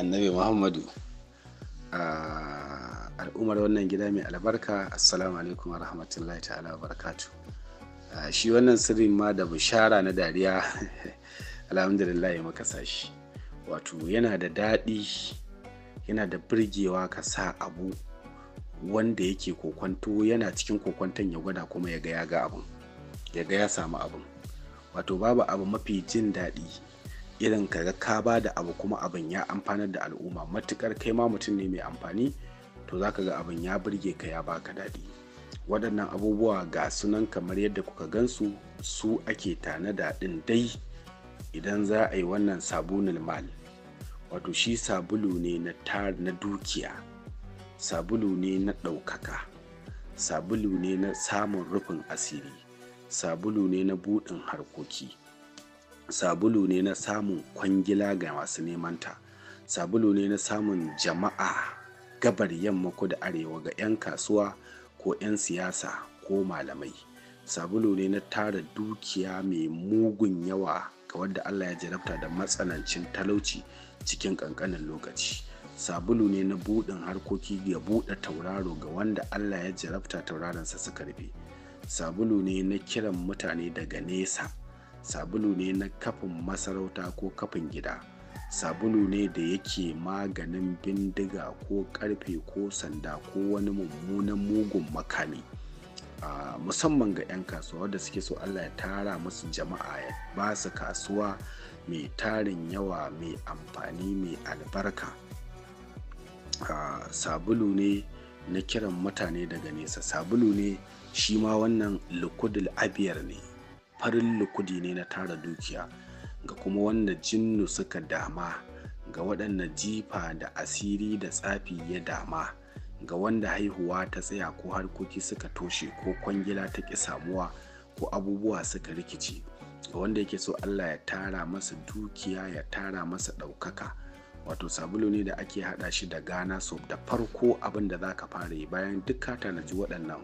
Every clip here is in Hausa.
annabi muhammadu a al'ummar wannan gida mai albarka assalamu alaikum wa rahmatullahi ta'ala wa shi wannan sirrin ma da bishara na dariya alhamdulillah ya maka sashi wato yana da daɗi yana da birgewa ka sa abu wanda yake kokwanto yana cikin kokwanton ya gwada kuma ya ga ya ga abin, ya ga ya samu abin. wato babu abu mafi jin daɗi irin kaga ka ba da abu kuma abin ya amfanar da al'umma matukar kai ma mutum ne mai amfani to za ka ga abin ya burge ka ya baka daɗi waɗannan abubuwa ga sunan kamar yadda kuka gansu su ake tana ɗin dai idan za a yi wannan sabunin mal wato shi sabulu ne na tar na dukiya sabulu ne na ɗaukaka sabulu ne na samun rufin asiri sabulu ne na buɗin harkoki sabulu ne na samun kwangila ga masu nemanta sabulu ne na samun jama'a gabar yamma da arewa ga 'yan kasuwa ko 'yan siyasa ko malamai sabulu ne na tara dukiya mai mugun yawa ga wadda allah ya jarabta da matsanancin talauci cikin kankanin lokaci sabulu ne na buɗin harkoki ya buɗe tauraro ga wanda allah ya jarabta tauraronsa suka rufe sabulu ne na kiran mutane daga nesa sabulu ne na kafin masarauta ko kafin gida sabulu ne da yake maganin bindiga ko karfe ko sanda ko wani mummunan mugun makami musamman ga 'yan kasuwa da suke so allah ya tara musu jama'a ya ba su kasuwa mai tarin yawa mai amfani mai albarka sabulu ne na kiran mutane daga nesa sabulu ne shi ma wannan likudul abiyar ne farin lukudi ne na tara dukiya ga kuma wanda jinnu suka dama ga waɗanda jifa da asiri da tsafi ya dama ga wanda haihuwa ta tsaya ko harkoki suka toshe ko kwangila ta ƙi samuwa ko abubuwa suka rikici ga wanda yake so allah ya tara masa dukiya ya tara masa ɗaukaka wato sabulu ne da ake hada shi da gana so da farko abin da za ka fara yi bayan duk ka tanaji waɗannan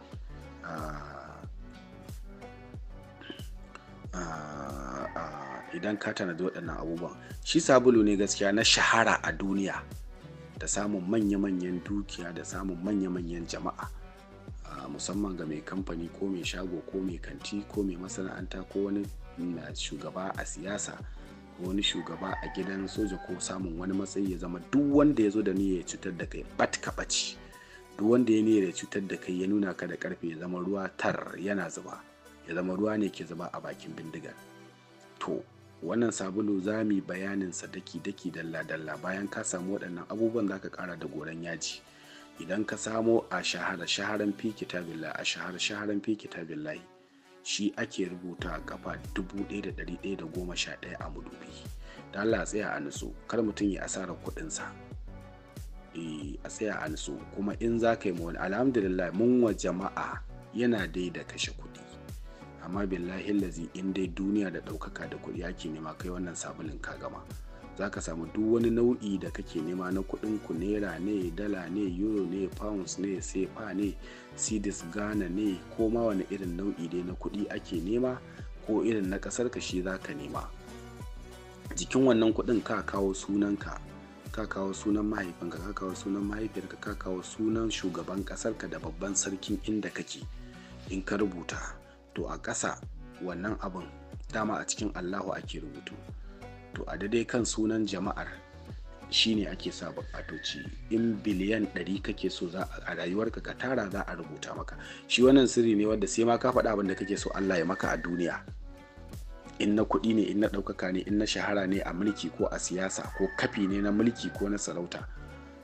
ah, idan ka tanadi waɗannan abubuwan shi sabulu ne gaskiya na shahara a duniya da samun manya-manyan dukiya da samun manya-manyan jama'a musamman ga mai kamfani ko mai shago ko mai kanti ko mai masana'anta ko wani mm, shugaba a siyasa ko wani shugaba a gidan soja ko samun wani matsayi ya zama duk wanda ya zo da niyyar ya cutar da kai bat ka ɓaci duk wanda ya niyyar ya cutar da kai ya nuna ka da karfe ya zama ruwa tar yana zuba ya zama ruwa ne ke zuba a bakin bindigar to wannan sabulu za mu bayanin sa daki-daki dalla-dalla bayan ka samu waɗannan abubuwan za ka ƙara da goran yaji idan ka samo a shahara shaharan fi kitabillah a shahara shaharan fi kitabillah shi ake rubuta a kafa 1111 a mudubi da Allah tsaya a nutsu kar mutum ya asara kuɗinsa eh, a tsaya a nutsu kuma in za ka yi wani alhamdulillah mun wa jama'a yana dai da kashe kuɗi amma billahi lazi in dai duniya da ɗaukaka da kuɗi ake nema kai wannan sabulin ka gama za ka samu duk wani nau'i da kake nema na kuɗin ku naira ne dala ne euro ne pounds ne sefa ne cedis ghana ne ko ma wani irin nau'i dai na kuɗi ake nema ko irin na ƙasar ka shi za ka nema jikin wannan kuɗin ka kawo sunan ka kawo sunan mahaifinka ka kawo sunan mahaifiyarka ka kawo sunan shugaban ƙasar ka da babban sarkin inda kake in ka rubuta to a ƙasa wannan abin dama a cikin allahu ake rubutu to a daidai kan sunan jama'ar shine ake sa bukatoci in biliyan 100 kake so a rayuwarka ka tara za a rubuta maka shi wannan sirri ne wanda sai ma ka faɗa abin da kake so allah ya maka a duniya in na kuɗi ne in na ɗaukaka ne in na shahara ne a mulki ko a siyasa ko kafi ne na mulki ko na sarauta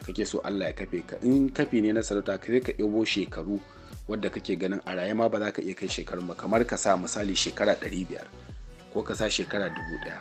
kake so Allah ya kafe ka in kafi ne na sarauta ka ka ɗebo shekaru wadda kake ganin a raye ma ba za ka iya kai shekarun ba kamar ka sa misali shekara 500 ko ka sa shekara 1000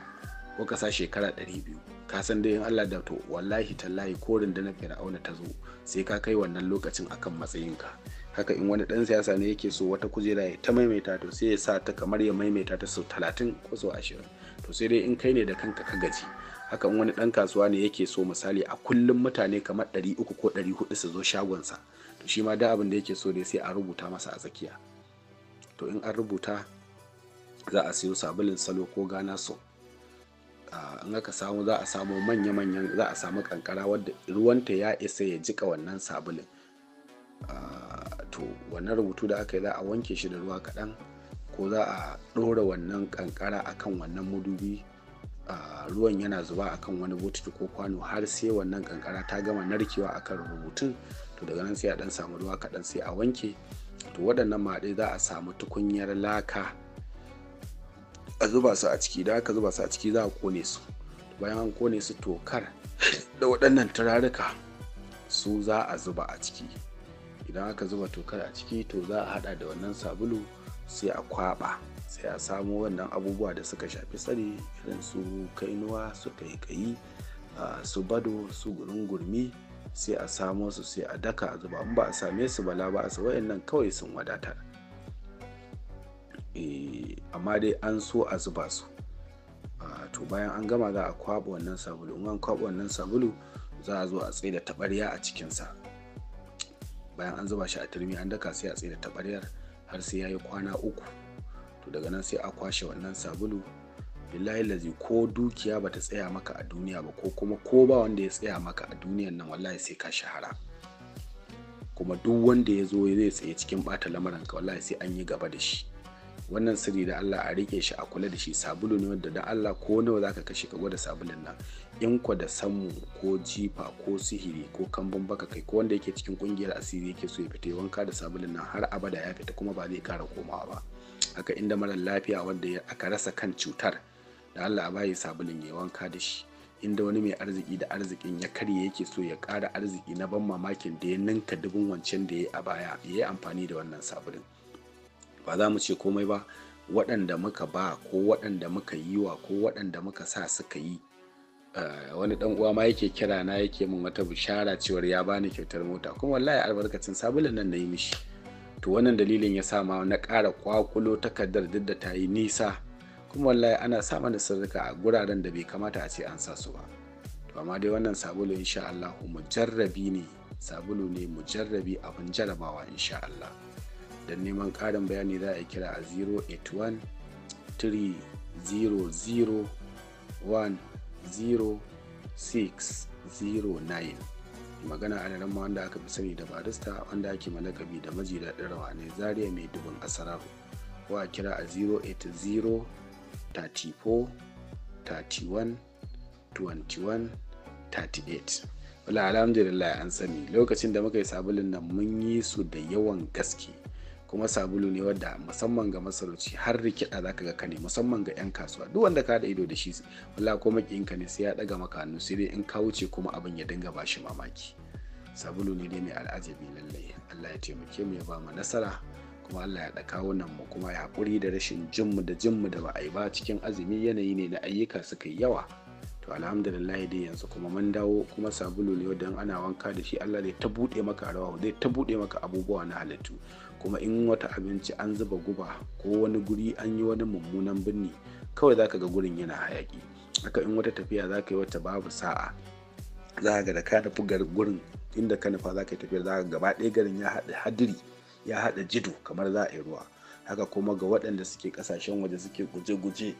ko ka sa shekara 200 ka san dai in Allah da to wallahi tallahi ko rundunar fir'auna ta zo sai ka kai wannan lokacin akan matsayin ka haka in wani dan siyasa ne yake so wata kujera ya ta maimaita to sai ya sa ta kamar ya maimaita ta sau 30 ko sau 20 to sai dai in kai ne da kanka ka gaji hakan wani ɗan kasuwa ne yake so misali a kullum mutane kamar ɗari uku ko ɗari hudu su zo shagonsa to shi ma da abin da yake so dai sai a rubuta masa a tsakiya to in an rubuta za a siyo sabulin salo ko gana so in aka samu za a samu manya-manyan za a samu kankara wadda ruwanta ya isa ya jika wannan sabulin to wannan rubutu da aka yi za a wanke shi da ruwa kaɗan ko za a ɗora wannan kankara akan wannan madubi ruwan yana zuba akan wani bututu ko kwano har sai wannan kankara ta gama narkewa akan rubutun to daga nan sai a dan samu ruwa kaɗan sai a wanke to waɗannan maɗe za a samu tukunyar laka a zuba su a ciki da aka zuba su a ciki za a kone su bayan an kone su tokar da waɗannan turaruka su za a zuba a ciki idan aka zuba tokar a ciki to za a hada da wannan sabulu sai a kwaba sai a samo wannan abubuwa da suka shafi tsari irin su kainuwa su kaikayi su bado su gurmi sai a samo su sai a daka a zuba ba a same su bala ba a nan kawai sun wadatar e, amma dai an so a zuba su to bayan an gama za a kwaba wannan sabulu in an kwaba wannan sabulu za a zo a tsaye da taɓarya a cikinsa bayan an zuba shi a turmi an daka sai a tsaye da taɓaryar har sai ya yi kwana uku to daga nan sai a kwashe wannan sabulu billahi lazi ko dukiya bata tsaya maka a duniya ba ko kuma ko ba wanda ya tsaya maka a duniyan nan wallahi sai ka shahara kuma duk wanda ya zo zai tsaye cikin bata lamarin ka wallahi sai an yi gaba da shi wannan sirri da Allah a rike shi a kula da shi sabulu ne wanda da Allah ko nawa zaka kashe ka gwada sabulun nan in kwa da sammu ko jifa ko sihiri ko kambun baka kai ko wanda yake cikin kungiyar asiri yake so ya fita yawanka da sabulun nan har abada ya fita kuma ba zai kara komawa ba aka inda mara lafiya wanda aka rasa kan cutar da Allah a bayi sabulin ya wanka da shi inda wani mai arziki da arzikin ya karye yake so ya kara arziki na ban mamakin da ya ninka dubin wancan da ya a baya ya yi amfani da wannan sabulin ba za mu ce komai ba waɗanda muka ba ko waɗanda muka yi wa ko waɗanda muka sa suka yi eh, wani dan uwa ma yake kira na yake min wata bishara cewar ya bani kyautar mota kuma wallahi albarkacin sabulin nan na yi mishi to wannan dalilin ya sama na ƙara kwakulo takardar duk da ta yi nisa kuma wallahi ana sa mana sirrika a guraren da bai kamata a ce an sa su ba to amma dai wannan sabulu insha Allah mujarrabi ne sabulu ne mujarrabi abin jarabawa insha Allah dan neman ƙarin bayani za a kira a 081 300 09 magana a ma wanda aka fi sani da barista wanda ake malakabi da maji daɗin rawa ne zaria mai dubin asararu ko a kira a 080 34 31 21 38 wala alhamdulillah an sani lokacin da muka yi sabulin nan mun yi su da yawan gaske kuma sabulu ne wadda musamman ga masarauci har rikida za ka ga kane musamman ga 'yan kasuwa duk wanda ka da ido da shi wala ko makinka ne sai ya daga maka hannu sai dai in ka wuce kuma abin ya dinga bashi mamaki sabulu ne dai mai al'ajabi lallai allah ya taimake mu ya ba mu nasara kuma allah ya daka wannan mu kuma ya hakuri da rashin jinmu da jinmu da ba a yi ba cikin azumi yanayi ne na ayyuka suka yi yawa to alhamdulillah dai yanzu kuma mun dawo kuma sabulu ne wadda ana wanka da shi allah zai ta bude maka rawa zai ta bude maka abubuwa na halittu kuma in wata abinci an zuba guba ko wani guri an yi wani mummunan birni kawai zaka ga gurin yana hayaki haka in wata tafiya zaka yi wata babu sa'a za ga da ka nufi gurin inda ka nufa za ka yi tafiya za ka gaba ɗaya garin ya haɗa hadiri ya haɗa jidu kamar za a yi ruwa haka kuma ga waɗanda suke kasashen waje suke guje-guje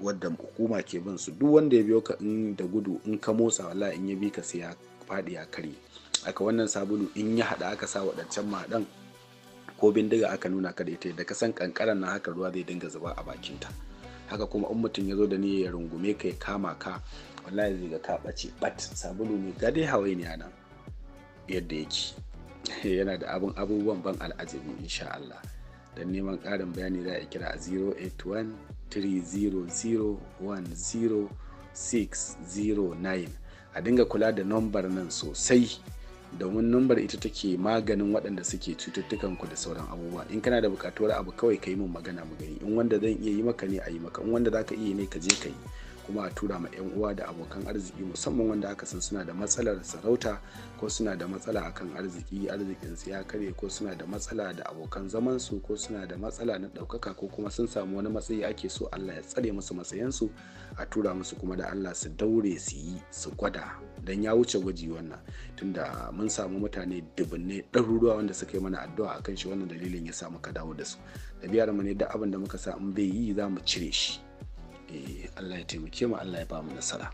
wadda hukuma ke bin su duk wanda ya biyo ka in da gudu in ka motsa wala in ya bi ka sai ya faɗi ya karye haka wannan sabulu in ya haɗa aka sa waɗancan maɗan ko bindiga aka nuna ka da ita da ka san kankaran nan haka ruwa zai dinga zuba a bakin ta haka kuma in mutum ya zo da ni ya rungume ka ya kama ka wallahi zai ga ka bace bat sabulu ne ga dai hawaii ne nan yadda yake yana da abin abubuwan ban al'ajabi insha Allah don neman karin bayani za a kira a 081 300 a dinga kula da nambar nan sosai domin numbar ita take maganin waɗanda suke cututtukan ku da sauran abubuwa in kana da buƙatuwar abu kawai ka yi min magana mu gani in wanda zan iya yi maka ne a yi maka in wanda za ka iya ne ka je ka yi kuma a tura ma 'yan uwa da abokan arziki musamman wanda aka san suna da matsalar sarauta ko suna da matsala akan arziki arzikinsu ya karye ko suna da matsala da abokan zamansu ko suna da matsala na ɗaukaka ko kuma sun samu wani matsayi ake so allah ya tsare musu matsayinsu a tura musu kuma da allah su daure su yi su gwada don ya wuce gwaji wannan tunda mun samu mutane dubunne ɗaruruwa wanda suka yi mana addu'a akan shi wannan dalilin ya sa muka dawo da su da biyar mu ne da abin da muka sa in bai yi za mu cire shi Eh, Allah ya taimake mu Allah ya ba mu nasara